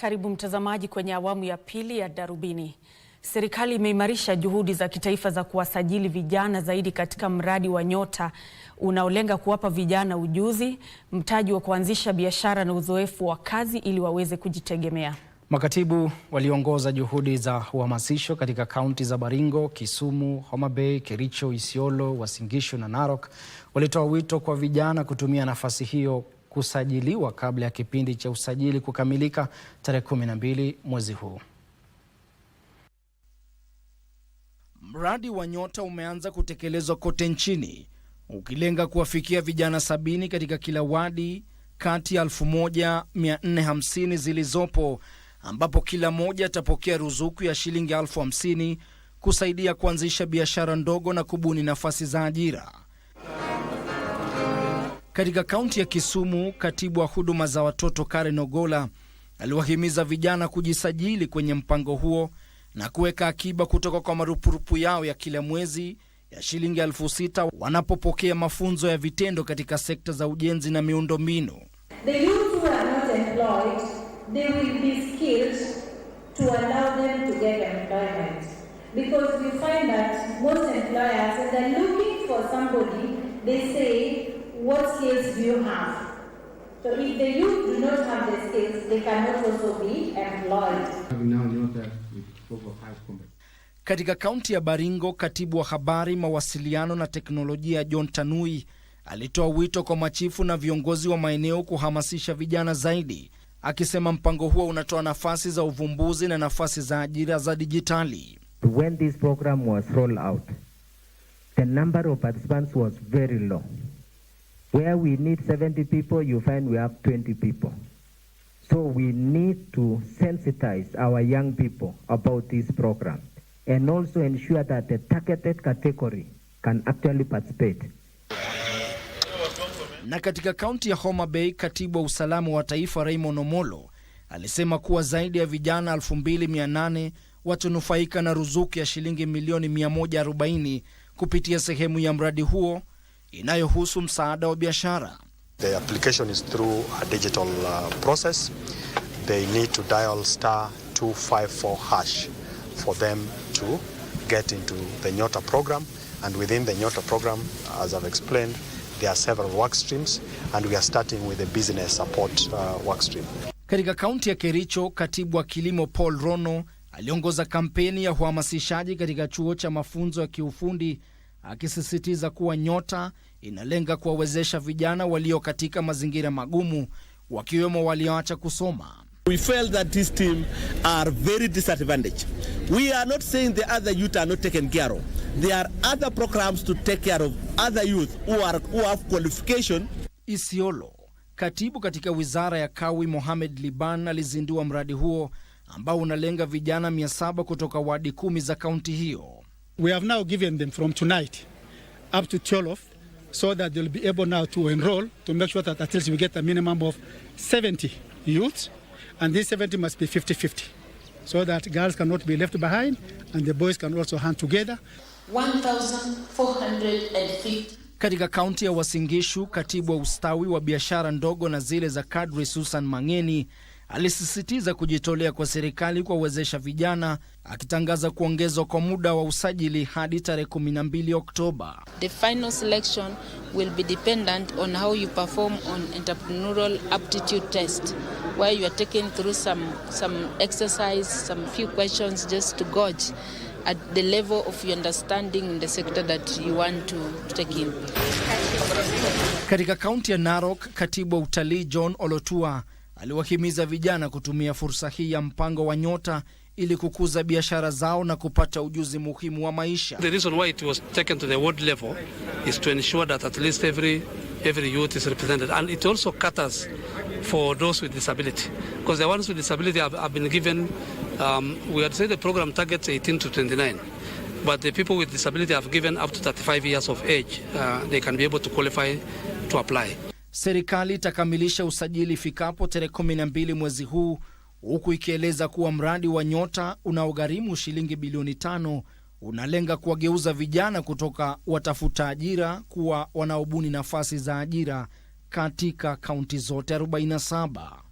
Karibu mtazamaji kwenye awamu ya pili ya Darubini. Serikali imeimarisha juhudi za kitaifa za kuwasajili vijana zaidi katika mradi wa Nyota unaolenga kuwapa vijana ujuzi, mtaji wa kuanzisha biashara na uzoefu wa kazi ili waweze kujitegemea. Makatibu waliongoza juhudi za uhamasisho katika kaunti za Baringo, Kisumu, Homa Bay, Kericho, Isiolo, Uasin Gishu na Narok walitoa wito kwa vijana kutumia nafasi hiyo kusajiliwa kabla ya kipindi cha usajili kukamilika tarehe mbili mwezi huu. Mradi wa Nyota umeanza kutekelezwa kote nchini ukilenga kuwafikia vijana sabini katika kila wadi kati ya 1450 zilizopo ambapo kila mmoja atapokea ruzuku ya shilingi elfu hamsini kusaidia kuanzisha biashara ndogo na kubuni nafasi za ajira. Katika kaunti ya Kisumu, katibu wa huduma za watoto Karen Ogola aliwahimiza vijana kujisajili kwenye mpango huo na kuweka akiba kutoka kwa marupurupu yao ya kila mwezi ya shilingi elfu sita wanapopokea mafunzo ya vitendo katika sekta za ujenzi na miundombinu. say what skills do you have? So if the youth do not have the skills, they cannot also be employed. Katika kaunti ya Baringo, katibu wa habari, mawasiliano na teknolojia John Tanui alitoa wito kwa machifu na viongozi wa maeneo kuhamasisha vijana zaidi, akisema mpango huo unatoa nafasi za uvumbuzi na nafasi za ajira za dijitali. When this program was rolled out, the number of participants was very low. Where we need 70 people, you find we have 20 people. So we need to sensitize our young people about this program and also ensure that the targeted category can actually participate. Na katika kaunti ya Homa Bay, katibu wa usalama wa taifa Raymond Omolo alisema kuwa zaidi ya vijana 2800 watanufaika na ruzuku ya shilingi milioni 140 kupitia sehemu ya mradi huo inayohusu msaada wa biashara. The application is through a digital uh, process. They need to dial star 254 hash for them to get into the Nyota program and within the Nyota program as I've explained there are several work streams and we are starting with the business support uh, work stream. Katika kaunti ya Kericho, katibu wa kilimo Paul Rono aliongoza kampeni ya uhamasishaji katika chuo cha mafunzo ya kiufundi akisisitiza kuwa Nyota inalenga kuwawezesha vijana walio katika mazingira magumu wakiwemo walioacha kusoma. We felt that this team are very disadvantaged. We are not saying the other youth are not taken care of. There are other programs to take care of other youth who are, who have qualification. Isiolo, katibu katika wizara ya Kawi Mohamed Liban alizindua mradi huo ambao unalenga vijana 700 kutoka wadi kumi za kaunti hiyo. We have now given them from tonight up to 12 so that they'll be able now to enroll to make sure that at least we get a minimum of 70 youths and these 70 must be 50-50 so that girls cannot be left behind and the boys can also hand together. 1450 katika kaunti ya Wasingishu, katibu wa ustawi wa biashara ndogo na zile za kadri Susan Mangeni alisisitiza kujitolea kwa serikali kuwawezesha vijana, akitangaza kuongezwa kwa muda wa usajili hadi tarehe 12 Oktoba. The final selection will be dependent on how you perform on entrepreneurial aptitude test where you are taken through some some exercise some few questions just to gauge at the level of your understanding in the sector that you want to take in. Katika kaunti ya Narok, katibu wa utalii John Olotua aliwahimiza vijana kutumia fursa hii ya mpango wa Nyota ili kukuza biashara zao na kupata ujuzi muhimu wa maisha. The reason why it was taken to the world level is to ensure that at least every every youth is represented and it also caters for those with disability because the ones with disability have, have been given um, we had said the program targets 18 to 29 but the people with disability have given up to 35 years of age uh, they can be able to qualify to apply serikali itakamilisha usajili ifikapo tarehe 12 mwezi huu, huku ikieleza kuwa mradi wa Nyota unaogharimu shilingi bilioni tano unalenga kuwageuza vijana kutoka watafuta ajira kuwa wanaobuni nafasi za ajira katika kaunti zote 47.